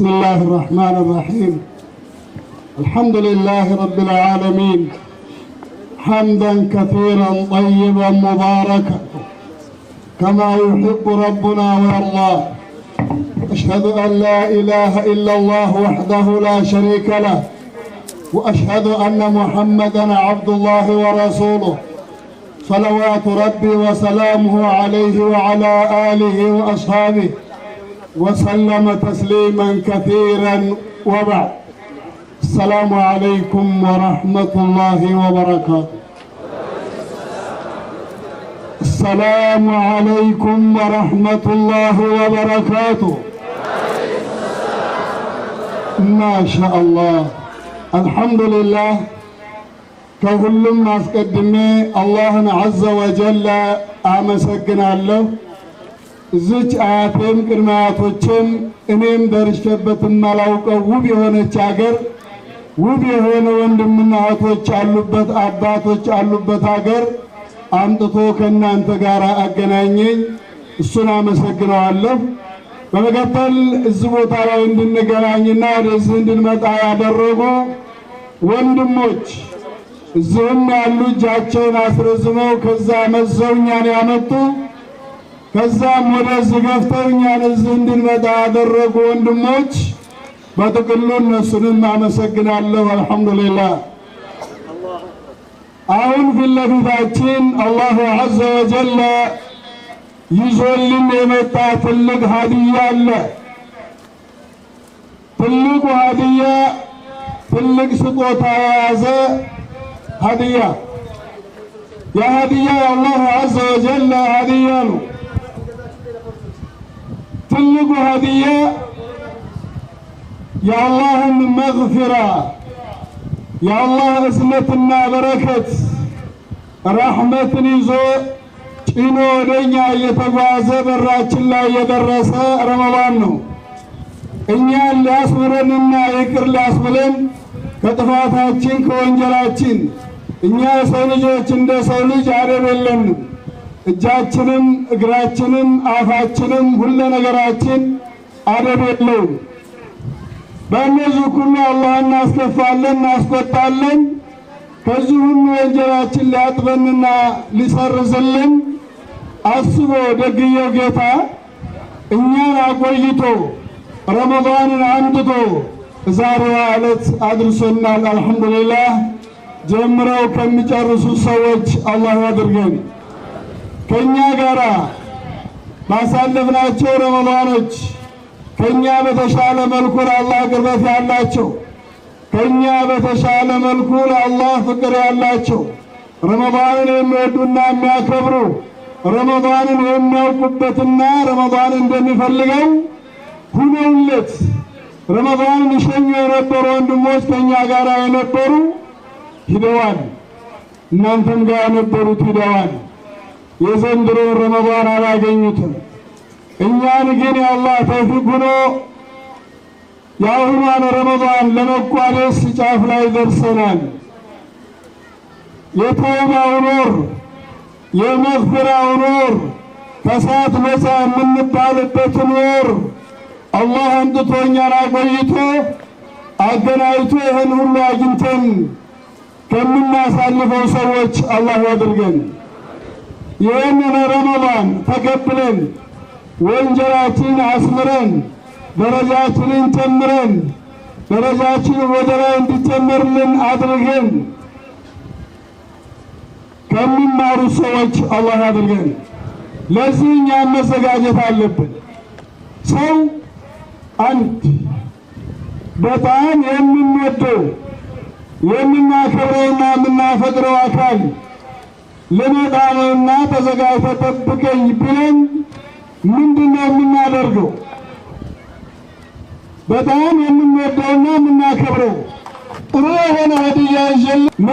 بسم الله الرحمن الرحيم الحمد لله رب العالمين حمدا كثيرا طيبا مباركا كما يحب ربنا ويرضى أشهد أن لا إله إلا الله وحده لا شريك له وأشهد أن محمدا عبد الله ورسوله صلوات ربي وسلامه عليه وعلى آله وأصحابه وسلم تسليما كثيرا وبعد السلام عليكم ورحمة الله وبركاته السلام عليكم ورحمة الله وبركاته ما شاء الله الحمد لله ما كሁሉም الله عز وجل أمسكنا له እዚች አያቴም ቅድመ አያቶቼም እኔም ደርሼበትም አላውቀው ውብ የሆነች አገር ውብ የሆነ ወንድምና እህቶች አሉበት አባቶች አሉበት አገር አምጥቶ ከእናንተ ጋር አገናኘኝ። እሱን አመሰግነዋለሁ። በመቀጠል እዚህ ቦታ ላይ እንድንገናኝና ወደዚህ እንድንመጣ ያደረጉ ወንድሞች እዚህም ያሉ እጃቸውን አስረዝመው ከዛ መዘው እኛን ያመጡ كزام مدرس غفتر نيانز دندن ودا درق واندموش باتو كلون نسنن معنى سكنا الله والحمد لله أعون في الله في الله عز وجل يزول لنمتا تلق هادية الله تلق هادية تلق سقوطة عزة هادية يا هادية الله عز وجل هادية هدية የአላህን መግፊራ የአላህ እዝነትና በረከት ራሕመትን ይዞ ጭኖ ወደኛ እየተጓዘ በራችን ላይ የደረሰ ረመዳን ነው። እኛን ሊያስምረንና ይቅር ሊያስብለን ከጥፋታችን ከወንጀላችን እኛ የሰው ልጆች እንደ ሰው ልጅ አደብ የለንም። እጃችንም እግራችንም አፋችንም ሁለ ነገራችን አደብ የለውም። በእነዚህ ሁሉ አላህ እናስከፋለን፣ እናስቆጣለን። ከዚህ ሁሉ ወንጀላችን ሊያጥበንና ሊሰርዝልን አስቦ ደግየው ጌታ እኛን አቆይቶ ረመዳንን አምጥቶ ዛሬዋ ዕለት አድርሶናል። አልሐምዱሊላህ ጀምረው ከሚጨርሱ ሰዎች አላህ ያድርገን። ከእኛ ጋር ባሳለፍናቸው ረመዳኖች ከእኛ በተሻለ መልኩ ለአላህ ቅርበት ያላቸው ከእኛ በተሻለ መልኩ ለአላህ ፍቅር ያላቸው ረመዳንን የሚወዱና የሚያከብሩ ረመዳንን የሚያውቁበትና ረመዳን እንደሚፈልገው ሁነውለት ረመዳንን ይሸኙ የነበሩ ወንድሞች ከእኛ ጋር የነበሩ ሂደዋል። እናንተም ጋር የነበሩት ሂደዋል። የዘንድሮ ረመዳን አላገኙትም። እኛን ግን የአላህ ተውፊቅ ሆኖ የአሁኗን ረመዳን ለመቋደስ ጫፍ ላይ ደርሰናል። የተውባው ኖር የመግፍራው ኖር ከሰዓት ነፃ የምንባልበት ኖር አላህ አንጥቶኛን አቆይቶ አገናኝቶ ይህን ሁሉ አግኝተን ከምናሳልፈው ሰዎች አላህ ያድርገን። ይህንን ረመዳን ተቀብለን ወንጀላችን አስምረን ደረጃችንን ጨምረን ደረጃችን ወደ ላይ እንዲጨምርልን አድርገን ከሚማሩ ሰዎች አላህ አድርገን። ለዚህ እኛ መዘጋጀት አለብን። ሰው አንድ በጣም የምንወደው የምናከብረውና የምናፈቅረው አካል ልመጣ ነውና ተዘጋጅተ ጠብቀኝ ብለን ምንድነው የምናደርገው? በጣም የምንወደውና የምናከብረው ጥሩ የሆነ ሀዲያ ይዘን